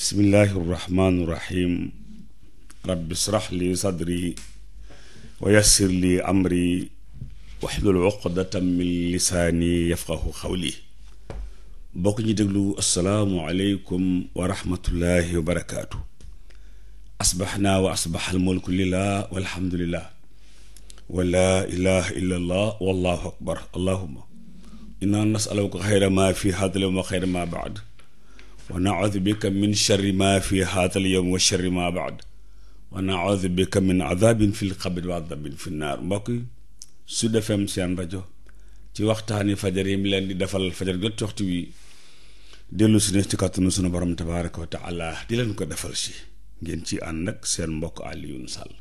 bismillaahi rahmaani rahiim rabbi srax li sadri wa yassir li amri waxlul uqdatan min lisaani yafqahu xawli bokk ñi déglu assalaamu aleykum wa rahmatullaahi wa barakaatu asbaxnaa wa asbaxal mulku lillaah walhamdulillaah wa laa ilaaha illallaah wallaahu akbar allaahumma innaa nasaluka xayra maa fii haadal yawm wa xayra maa ba'd wa naudu bika min sharri ma fi haatal yowm wa sharri ma baad wa naudu bika min adabin fi lxabri wa adabin fi naar mbokk yi Sud FM seen rajo ci waxtaani fajar yi mu leen di defal fajar jot ci waxtu wi dellu si ne ci kàttanu sunu borom tabaraka wa taala di leen ko defal si ngeen ci ànd ak seen mbokk Alioune Sall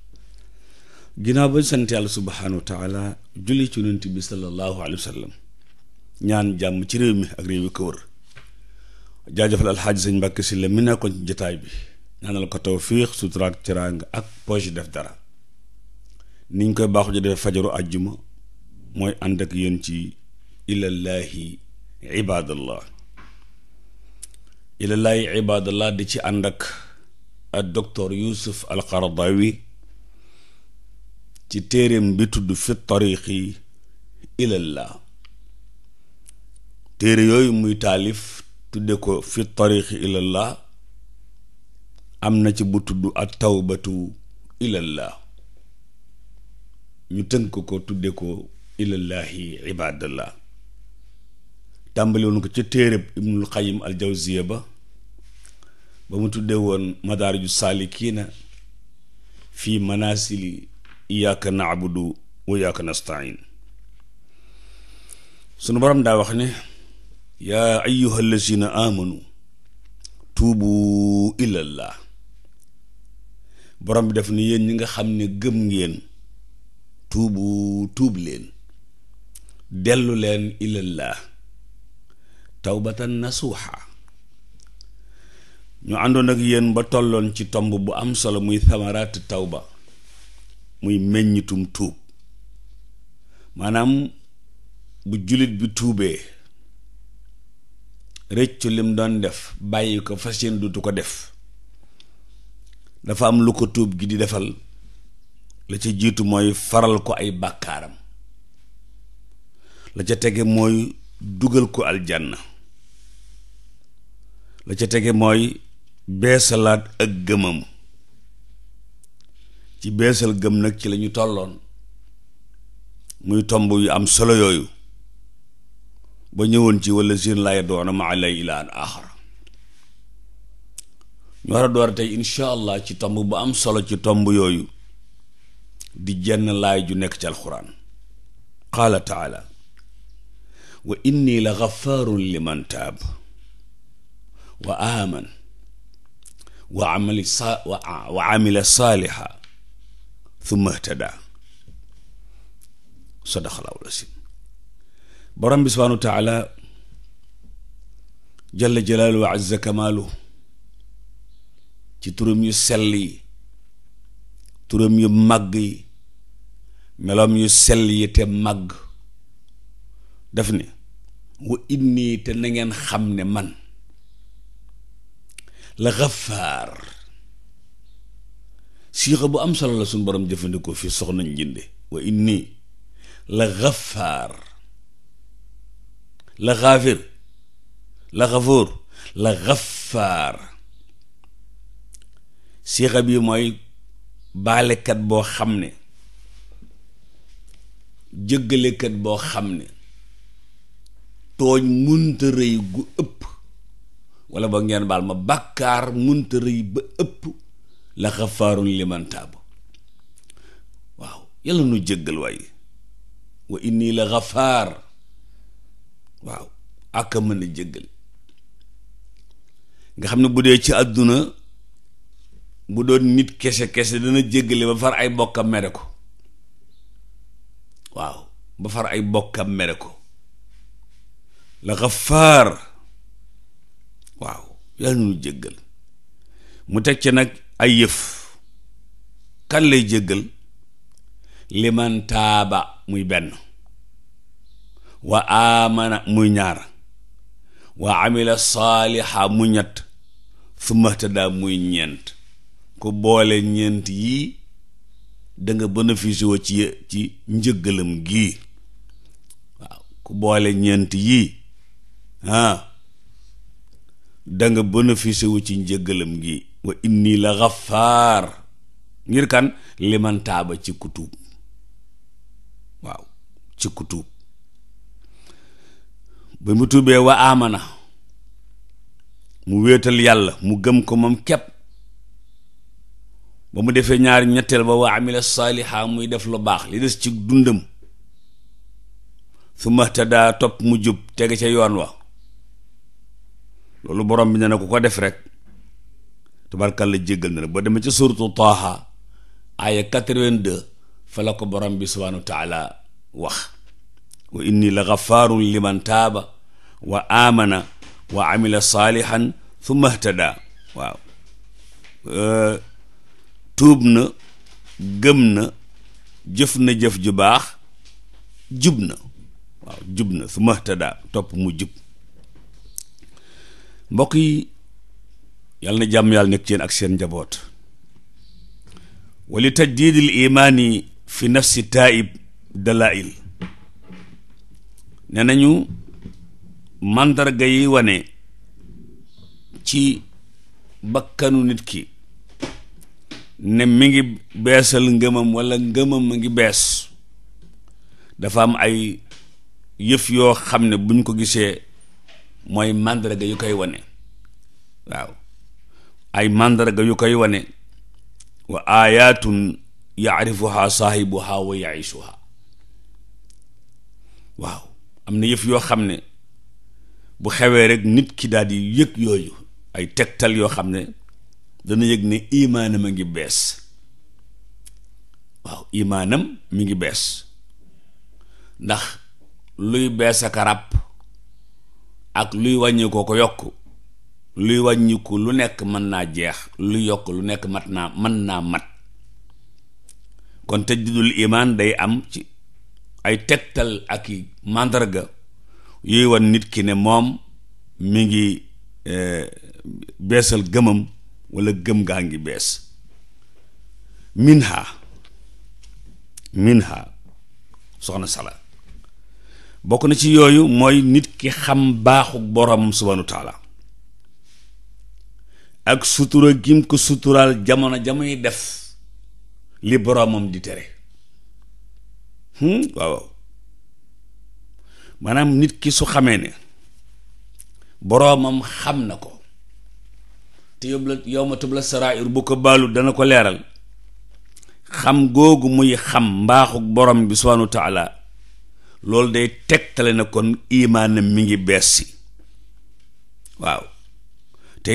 ginnaaw ba sant yàlla subhaanahu wa taala julli ci yonent bi sallallahu alayhi wa sallam ñaan jàmm ci réew mi ak réew yi ko wër jaajëfal alxaaji sëñ Mbàkke si la mi nekkoon ci jataay bi ñaanal ko tawfiix sutura ak ak poche def dara niñ koy baaxu ji defee fajaru àjjuma mooy ànd ak yéen ci ilallaahi ibaadallah ilallaahi ibaadallah di ci ànd ak ak docteur Yuusuf Alqaradawi ci téereem bi tudd fi tariqi ilallah téere yooyu muy taalif tudde ko fi tariqi ilallah am na ci bu tudd ak tawbatu ilallah ñu tënk ko tudde ko ilallahi ibadallah tàmbali woon ko ca téereb ibnul xayim al ba ba mu tudde woon madaariju saalikiina fii manasili iyaaka naabudu wa iyaaka nastain sunu borom daa wax ne yaa ayyuha allazina amanu tuubu ilallah borom bi def ni yéen ñi nga xam ne gëm ngeen tuubu tuub leen dellu leen ilallah tawbatan nasuuxa ñu àndoon ak yéen ba tolloon ci tomb bu am solo muy samaraat tawba muy meññitum tuub maanaam bu jullit bi tuubee rëccu lim doon def bàyyi ko fasin yéene du ko def dafa am lu ko tuub gi di defal la ca jiitu mooy faral ko ay bàkkaaram la ca tege mooy dugal ko aljanna la ca tege mooy beesalaat ak gëmam ci beesal gëm nag ci lañu tolloon muy tomb yu am solo yooyu ba ñëwoon ci wala seen laay doona ma lay ila an axara ñu war a door tey incha allah ci tomb bu am solo ci tomb yooyu di jenn laay ju nekk ci alxuraan qaala taala wa inni la gafaarun liman taab wa aman wa amali sa wa amila saaliha thumma htada sadaqallaahu l-aziim borom bi subhaanahu wa taala jalla jalaalu azza kamaalu ci turam yu sell yi turam yu màgg yi meloom yu sell yi te màgg daf ne wa inni te na ngeen xam ne man la xafaar siixa bu am solo la suñu borom jëfandikoo fii soxnañ jinde wa inni la xafaar la xaafir la xafoor la xafaar siixa bi mooy baalekat boo xam ne jëggalekat boo xam ne tooñ munta rëy gu ëpp wala ba ngeen baal ma bàkkaar munta rëy ba ëpp la xafaarun liman taab waaw yàlla nu jëggal waaye wa inni la xafaar waaw ak a mën a jéggal nga xam ne bu dee ci àdduna bu doon nit kese kese dana jéggale ba far ay bokkam mere ko waaw ba far ay bokkam mere ko la xafaar waaw yàlla nu jéggal mu teg ci nag ay yëf kan lay jéggal liman taaba muy benn wa aamana muy ñaar wa amila saaliha mu ñett summa htadaa muy ñeent ku boole ñeent yii da nga bénéfice woo ci njëggalam gii waaw ku boole ñeent yii danga ah, da nga bénéfice wu ci njëggalam gi wa indi la xafaar ngir kan liman taaba ci kutuub waaw ci kutuub ba mu tuubee wa amana mu wéetal yàlla mu gëm ko moom kepp ba mu defee ñaar ñetteel ba wa amila saaliha muy def lu baax li des ci dundam su mahtadaa topp mu jub tege ca yoon wa loolu borom bi ne na ku ko def rek tubarkalla jéggal na la ba demee ci suuratu Taaha aaya 82 fa la ko borom bi subhaanahu wa wax wa inni la gafaarun liman taaba wa amana wa amila saalihan thumma htada waaw euh, tuub na gëm na jëf jëf ju baax jub na waaw jub na topp mu jub mbokk yi yàlla na jàmm yàlla nekk ci yéen ak seen njaboot wa li tajdiidil imaani fi nafsi taaib dalail ne nañu màndarga yi wane ci bakkanu nit ki ne mi ngi beesal ngëmam walla ngëmam mi ngi bees dafa am ay yëf yoo xam ne buñ ko gisee mooy màndarga yu koy wane waaw ay màndarga yu koy wane wa aayatun yaarifuha saahibuha wa yaishuha waaw am na yëf yoo xam ne bu xewee rek nit ki daal di yëg yooyu ay tegtal yoo xam ne dana yëg ne imaanam a ngi bees waaw imaanam mi ngi bees ndax luy bees ak ràpp ak luy wàññi ko ko yokk luy wàññiku lu nekk mën naa jeex lu yokk lu nekk mat naa mën naa mat kon tëjdidul imaan day am ci ay tegtal ak i màndarga yuy wan nit ki ne moom mi ngi eh, beesal gëmam walla gëm gaa ngi bees minha minha soxna sala bokk na ci yooyu mooy nit ki xam baaxu boroomam subhaanahu wa ak sutura gim ko suturaal jamono jamuy def li boroomam di tere Hmm? waaw maanaam nit ki su xamee ne boroomam xam na ko te yóbbu la yow ma tub la saraayir bu ko baalu dana ko leeral xam googu muy xam mbaaxu borom bi subhaanahu wa loolu day tegtale na kon imaanam mi ngi bees si waaw te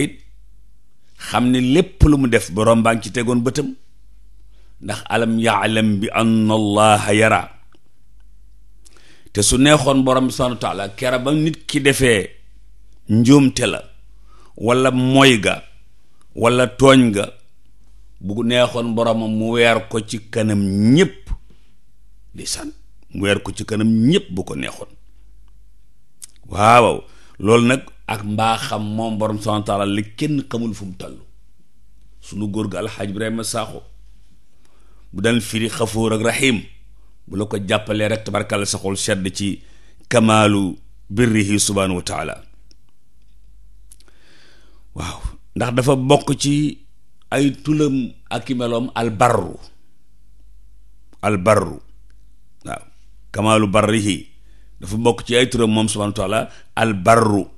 xam ne lépp lu mu def borom baa ngi ci tegoon bëtam ndax alam yaalam bi anna allaha yara te su neexoon borom bi subhaanahu kera ba nit ki defee njuumte la wala moy ga wala tooñ ga bu neexoon boromam mu weer ko ci kanam ñépp di san mu weer ko ci kanam ñépp bu ko neexoon waaw loolu nag ak mbaaxam moom borom subhaanahu wa li kenn xamul fu mu toll sunu góor ga alxaaj Ibrahima Saaxo bu daan firi xafoor ak raxiim bu la ko jàppalee rek tabarkàlla sa xol sedd ci kamaalu birrihi subhanahu wa taala waaw ndax dafa bokk ci ay tulam ak i meloom albarru albarru waaw kamaalu barrihi dafa bokk ci ay turam moom subhanahu wa taala albarru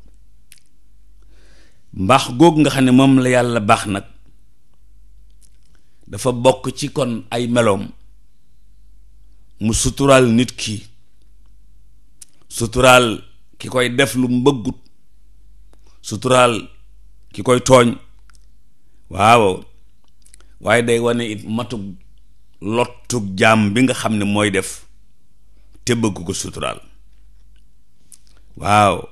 mbaax googu nga xam ne moom la yàlla baax nag dafa bokk ci kon ay meloom mu suturaal nit ki suturaal ki koy def lu mbëggut suturaal ki koy tooñ waaw waaye day wane it matug lottug jaam bi nga xam ne mooy def te bëgg ko suturaal waaw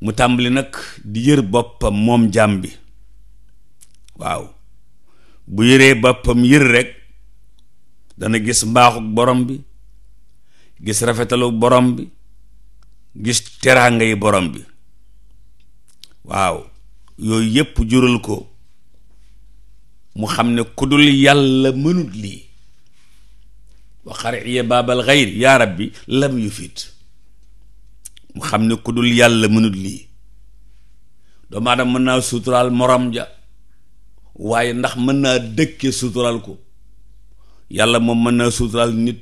mu tàmbali nag di yër boppam moom jaam bi waaw bu yëree boppam yër rek dana gis mbaaxuk borom bi gis rafetalu borom bi gis teraanga yi borom bi waaw yooyu yépp jural ko mu xam ne ku dul yàlla mënut lii wa xariya baabal xayr yaa rabbi lam yufit mu xam ne kudul yàlla mënut lii doomu aadama mën naa suturaal morom ja waaye ndax mën naa dëkke suturaal ko yàlla moom mën naa suutural nit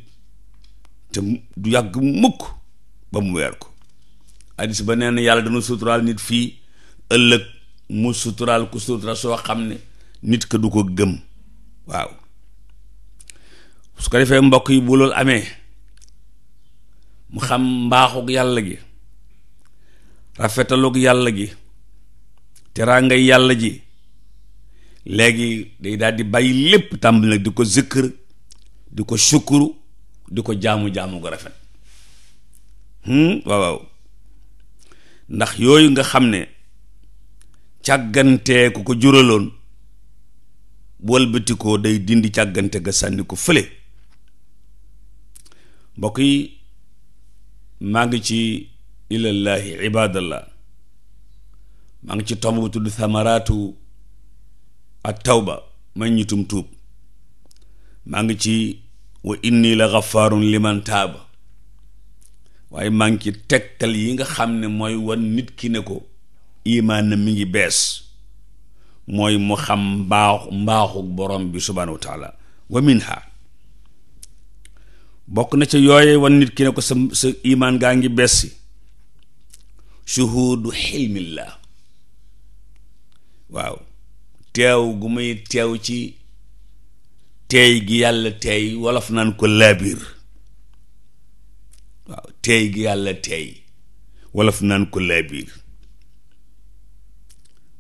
te du yàgg mukk ba mu weer ko addis ba nee yàlla dana suutural nit fii ëllëg mu suutural ku suutural soo xam ne nit ka du ko gëm waaw su ko defee mbokk yi bu loolu amee mu xam mbaaxug yàlla gi rafetalug yàlla gi teraangay yàlla ji léegi day daal di bàyyi lépp tàmbali nag di ko zikkër di ko sukkuru di ko jaamu-jaamu gu rafet hmm? waaw waaw ndax yooyu nga xam ne càggantee ku ko juraloon bu walbatikoo day dindi càggante ga sànni ko fële mbokk yi maa ngi ci ilallahi ibadallah maa ngi ci tomb bu tudd thamaraatu at tawba may ñitum tuub maa ngi ci wa inni la xafaarun liman taaba waaye maa ngi ci tegtal yi nga xam ne mooy wan nit ki ne ko imaan na mi ngi bees mooy mu xam mbaaxu mbaaxu borom bi subhaanahu wa taala wa bokk na ca yooye wan nit ki ne ko sa sa imaan gaa ngi bees si shuhuudu xilmillah waaw teew gu muy teew ci teey gi yàlla teey wolof naan ko laabiir waaw teey gi yàlla teey wolof naan ko laabiir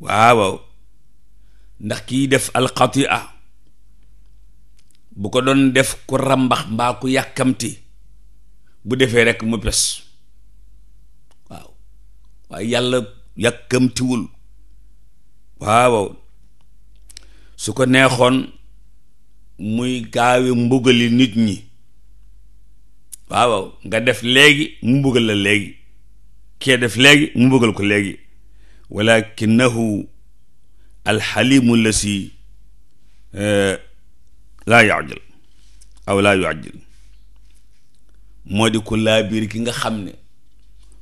waaw ndax kiy def alxatia bu ko doon def ku ràmbax mbaa ku yàkkamti bu defee rekk mu pes waaw waaye yàlla yàkkamtiwul waaw su ko neexoon muy gaawe mbugali nit ñi waaw nga def léegi mu mbugal la léegi kee def léegi mu mbugal ko léegi walakinahu alxalimu lasi eh, laa yajil aw laa yajil moo di ku laa biir ki nga xam ne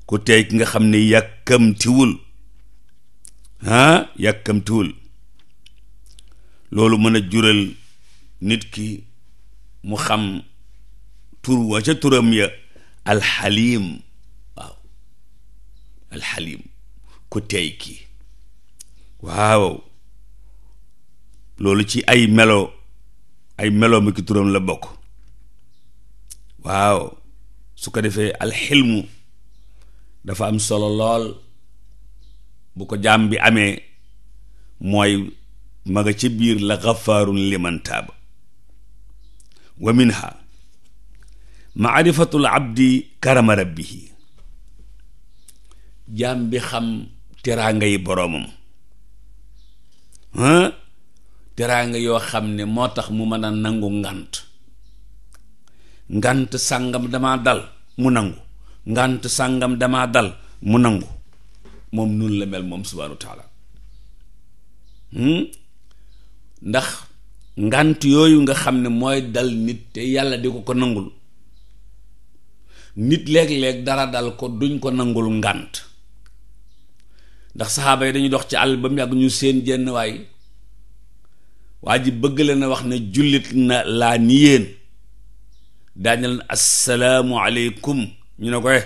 ku tey ki nga xam ne yàkkamtiwul ah yàkkamtiwul loolu mën a jural nit ki mu xam tur wa ca turam ya alxalim waaw alxalim ku tey ki waaw loolu ci ay melo ay melo mi ki turam la bokk waaw su ko defee alxilmu dafa am solo lool bu ko jaam bi amee mooy mag nga ci biir la xafaarun liman taaba wa minha maarifatul abdi karama rabbihi jaan bi xam teraanga yi boroomam teraanga yoo xam ne moo tax mu mën a nangu ngant ngant sàngam damaa dal mu nangu ngant sàngam damaa dal mu nangu moom nun la mel moom subhaanahu wa taala ndax ngànt yooyu nga xam ne mooy dal nit te yàlla di ko ko nangul nit léeg-léeg dara dal ko duñ ko nangul ngànt ndax saxaaba yi dañuy dox ci àll ba mu yàgg ñu seen jenn waay waa ji bëgg leen wax ne jullit na laa ni yéen daañu leen assalaamu aleykum ñu ne ko eh,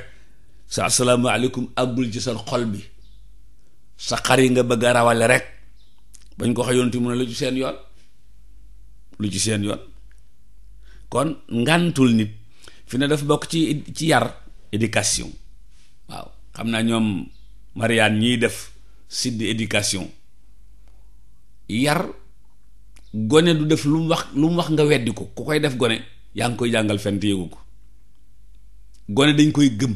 sa assalaamu aleykum àggul ci sa xol bi sa xar yi nga bëgg rawale rek bañ ko waxee yonent mu a la ci seen yoon lu ci seen yoon kon ngàntul nit fi ne dafa bokk ci ci yar éducation waaw xam naa ñoom Marianne ñiy def sud éducation yar gone du def lu mu wax lu mu wax nga weddi ko ku koy def gone yaa ngi koy jàngal fent yëgu ko gone dañ koy gëm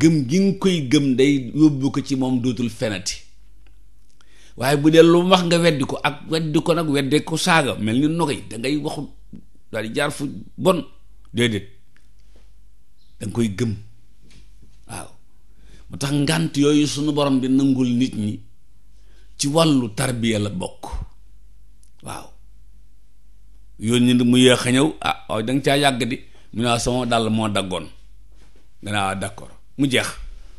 gëm gi nga koy gëm day yóbbu ko ci moom dootul fenati waaye bu dee lu wax nga weddi ko ak weddi ko nag wedde ko saaga mel ni nogay da ngay waxu daal di jaar fu bon déedéet da nga koy gëm waaw mu tax ngànt yooyu sunu borom di nangul nit ñi ci wàllu tarbiya la bokk waaw yoon ñi mu yéex a ñëw ah waaw da caa yàgg di mu ne ah, sama dàll moo daggoon nga ne ah, mu jeex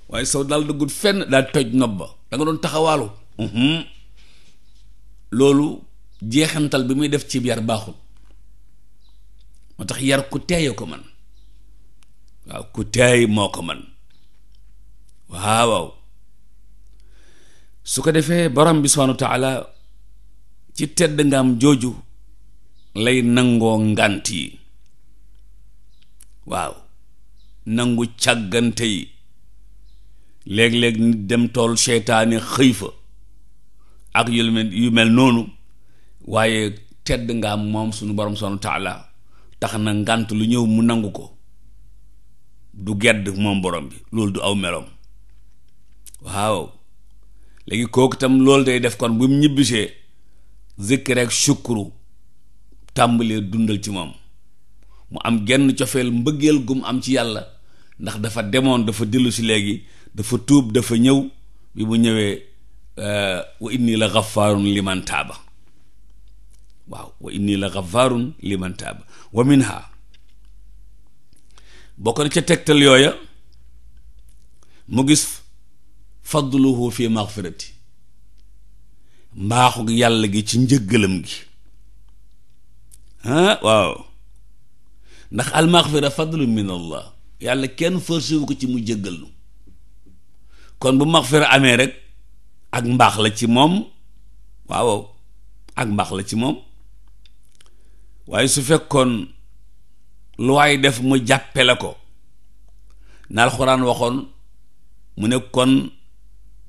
waaye soo dàll dëggut fenn daal toj nopp ba danga nga doon taxawaalu Mhm. loolu jeexantal bi muy def ci yar baaxul moo tax yar ku teeye ko man waaw ku teey moo ko man waaw su ko defee borom bi subhaanahu wa taala ci tedd ngaam jooju lay nangoo ngànt yi waaw nangu càggante yi léeg-léeg nit dem tool seytaane xëy fa ak yu mel yu mel noonu waaye tedd nga am moom suñu borom subhaanahu wa tax na ngànt lu ñëw mu nangu ko du gedd moom borom bi loolu du aw meloom waaw léegi kooku tam loolu day def kon bu mu ñibbisee zikr ak shukru tàmbalee dundal ci moom mu am genn cofeel mbëggeel gum am ci yàlla ndax dafa demoon dafa dellu si léegi dafa tuub dafa ñëw bi mu ñëwee Uh, wa inni la waaw wa inni la xafaarun liman wa minha bokk na ca tegtal yooya mu gis fadluhu fi maxfirati mbaaxu yàlla gi ci njëggalam gi ah waaw ndax almaxfira fadlu min yàlla kenn forcé ko ci mu jëggal nu kon bu maxfira amee rek ak mbaax la ci moom waaw ak mbaax la ci moom waaye su fekkoon lu waay def mu jàppe la ko na alxuraan waxoon mu ne kon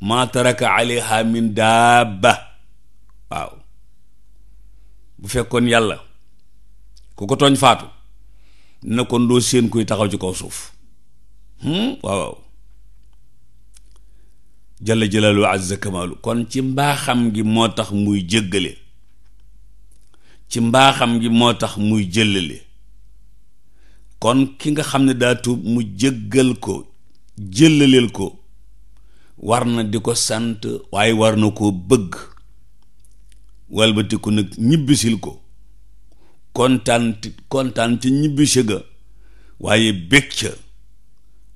maa taraka aleyha min daaba waaw bu fekkoon yàlla ku ko tooñ faatu dina kon doo séen kuy taxaw ci kaw suuf hmm? waaw waaw jalla jalaalu azza kamaalu kon ci mbaaxam gi moo tax muy jëggale ci mbaaxam gi moo tax muy jëllale kon ki nga xam ne daa tuub mu jéggal ko jëllaleel ko war na di ko sant waaye war na koo bëgg walbatiku nag ñibbisil ko kontaan kontaan ca ñibbise ga waaye bég ca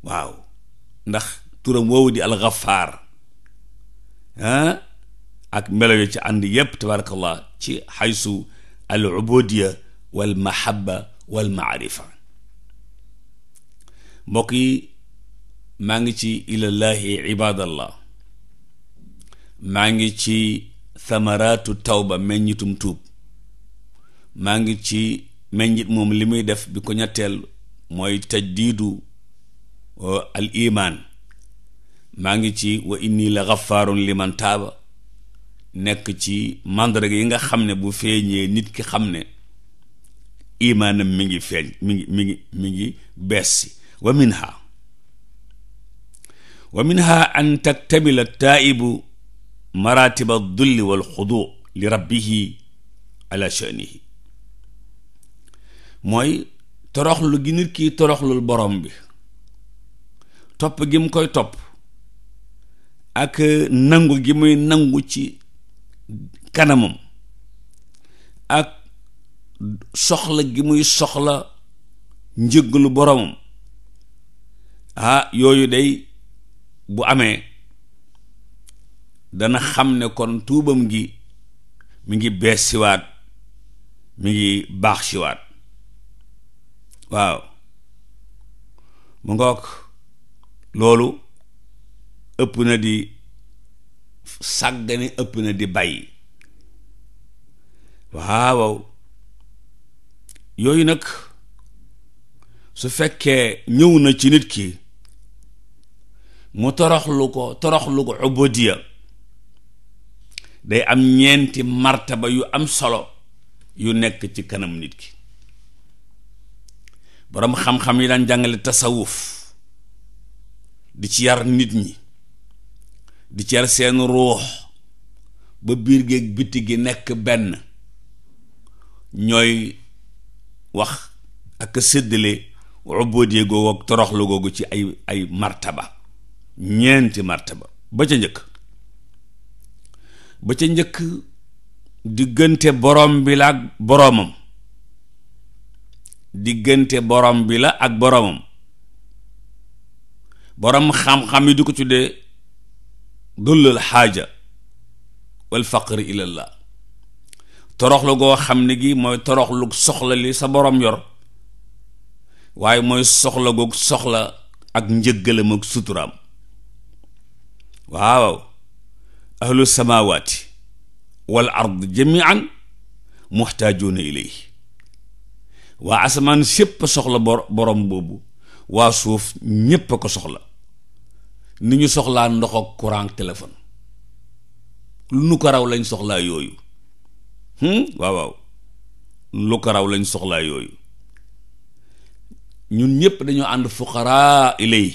waaw ndax turam woowu di alxafaar Ah, ak melo yu ci ànd yépp tabarakallah ci xaysu al ubudiya wal mahabba wal maarifa mbokk yi maa ngi ci ilallahi ibadallah maa ngi ci thamaratu tawba meññitum tuub maa ngi ci meññit moom li muy def bi ko ñetteel mooy tajdiidu oh, al iman maa ngi ci wa inni la xafaarun liman taaba nekk ci màndarga yi nga xam ne bu feeñee nit ki xam ne imaanam mi ngi feeñ mi ngi mi ngi mi ngi bees si wa minha wa minha an taktamila taibu maratiba dulli wal xudu li rabbihi mooy toroxlu gi nit ki toroxlul borom bi topp gi mu koy topp ak nangu gi muy nangu ci kanamam ak soxla gi muy soxla njëggalu boromam ah yooyu day bu amee dana xam ne kon tuubam gi mu ngi bees siwaat mu ngi baax siwaat waaw mu ngoog loolu ëpp na di sàggane ëpp na di bàyyi waaw yooyu nag su fekkee ñëw na ci nit ki mu toroxlu ko toroxlu ko ubodiya day am ñeenti martaba yu am solo yu nekk ci kanam nit ki boroom xam-xam yi daan jàngale tasawuf di ci yar nit ñi di cer seen ruux ba biir géeg biti gi nekk benn ñooy wax ak séddale ubboodee googu ak toroxlu googu ci ay ay martaba ñeenti martaba ba ca njëkk ba ca njëkk diggante borom bi la ak boromam diggante borom bi la ak boromam borom xam-xam yi di ko tuddee dullal xaaja wal faqri ilallah toroxlu goo xam ne gi mooy toroxlu soxla li sa borom yor waaye mooy soxla goog soxla ak njëggalam ak suturaam waaw ahlu samaawaati wal ard jamian muxtaajuuna ilay waa asamaan sépp soxla borom boobu waa suuf ñépp a ko soxla ni ñu soxlaa ndox ak courant téléphone lu nu ko raw lañ soxlaa yooyu hmm? waaw waaw lu ko raw lañ soxlaa yooyu ñun ñépp dañoo ànd fuqaraa ilay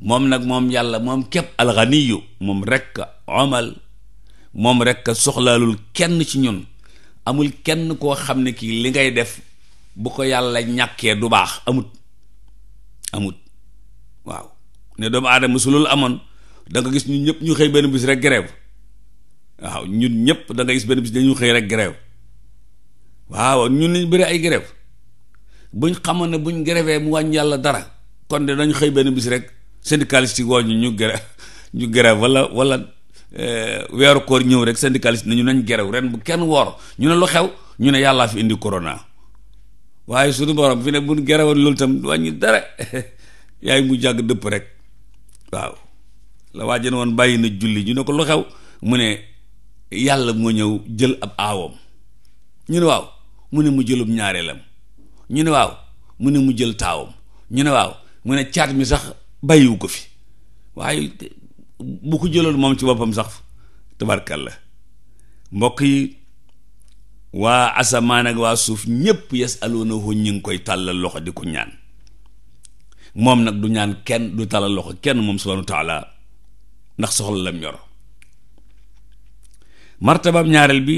moom nag moom yàlla moom képp alxaniyu moom rekk omal moom rekk soxlaalul kenn ci ñun amul kenn koo xam ne kii li ngay def bu ko yàlla ñàkkee du baax amut amut waaw ne doomu aadama su loolu amoon danga gis ñu ñëpp ñu xëy benn bis rek grève waaw ñun ñëpp da nga gis benn bis dañu xëy rek grève waaw ñun lañ bëri ay grève buñ xamoon ne buñ grèvee mu wàññi yàlla dara kon de dañ xëy benn bis rek syndicaliste yi woo ñu ñu grève ñu grève wala wala euh, weeru koor ñëw rek syndicaliste nañu nañ grève ren bu kenn woor ñu ne lu xew ñu ne yàllaa fi indi corona waaye suñu borom fi ne buñ grèveoon loolu wàññi dara yaay mu jàgg dëpp rek waaw la waa jën woon bàyyi na julli ñu ne ko lu xew mu ne yàlla moo ñëw jël ab aawam ñu ne waaw mu ne mu jëlub ñu ne waaw mu mu jël taawam ñu ne waaw mu ne caat mi sax bàyyiwu ko fi waaye bu ko jëloon moom ci boppam sax la mbokk yi waa asamaan ak waa suuf ñépp yas aloona ñu ngi koy tàllal loxo di ko ñaan moom nag du ñaan kenn du talal loxo kenn moom subhaanahu wa taala ndax soxla lam yor martabaam ñaareel bi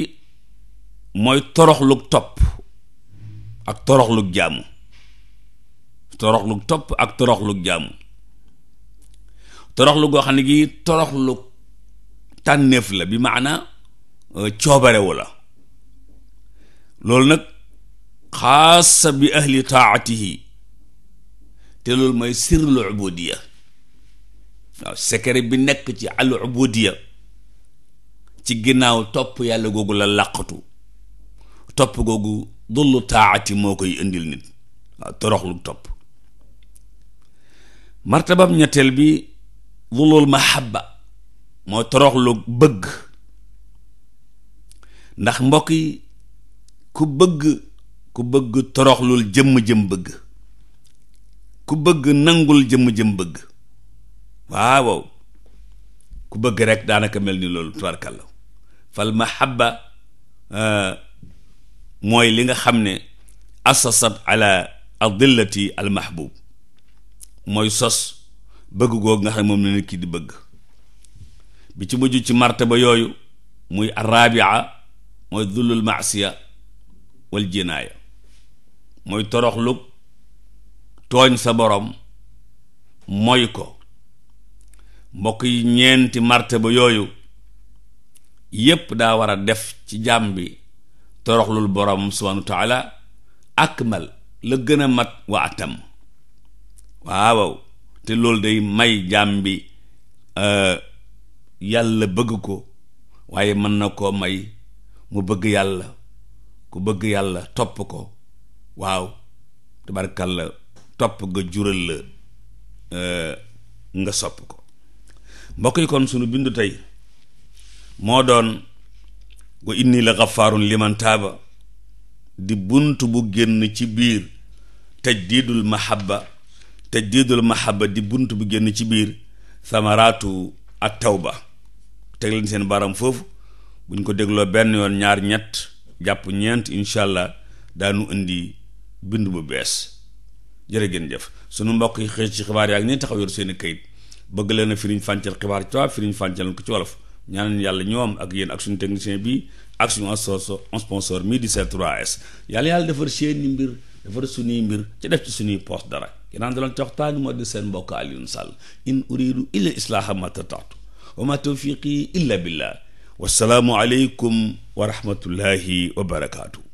mooy toroxlug topp ak toroxlug jàmm toroxlug topp ak toroxlug jaamu toroxlu goo xam ne gi toroxlu tànneef la bi maana euh, coobarewu la loolu nag xaasa bi ahli taatihi te loolu mooy sirrul ubudiya waaw secret bi nekk ci al ubudiya ci ginnaaw topp yàlla googu la làqatu topp googu dullu taati moo koy indil nit waaw toroxlu topp martabam ñetteel bi dullul mahabba mooy toroxlu bëgg ndax mbokk yi ku bëgg ku bëgg toroxlul jëmm jëm bëgg ku bëgg nangul jëmm jëm bëgg waaw ku bëgg rek daanaka mel ni loolu tubarkalla fal mahabba euh, mooy li nga xam ne asasat ala adillati al mooy sos bëgg googu nga xam ne moom la nit ki di bëgg bi ci mujj ci martaba yooyu muy arabia mooy dullul maasiya wal jinaaya mooy toroxlu tooñ sa borom mooy ko mbokk yi ñeenti martaba yooyu yépp daa war a def ci jaam bi toroxlul borom subhanahu wa taala akmal la gën a mat wa atam waaw te loolu day may jaam bi euh, yàlla bëgg ko waaye mën na koo may mu bëgg yàlla ku bëgg yàlla topp ko waaw tabarkalla topp nga jural la eh, nga sopp ko mbokk yi kon sunu bindu tey moo doon wa indi la xafaarun liman taaba di bunt bu génn ci biir tajdiidul mahabba tajdiidul mahabba di bunt bu génn ci biir sama samaraatu at tawba teg leen seen baram foofu buñ ko dégloo benn yoon ñaar ñett jàpp ñeent incha allah daanu indi bind bu bees jërë ngeen jëf suñu mbokk yi xëy ci xibaar yaa ngi nii taxaw yor seen i kayit bëgg leen a firiñ fàncal xibaar ci tubaab firiñ fàncal ko ci wolof ñaaneen yàlla ñoom ak yéen ak suñu technicien bi ak suñu sponsor mii di C3S yàlla yàlla defar seeni mbir defar suñuy mbir ci def ci suñuy poste dara ki naan daloon coxtaani moo di seen mbokk Alioune Sall in uridu illa islaaha ma tataatu wa ma tawfiqi illa billah wasalaamu aleykum wa rahmatullahi wa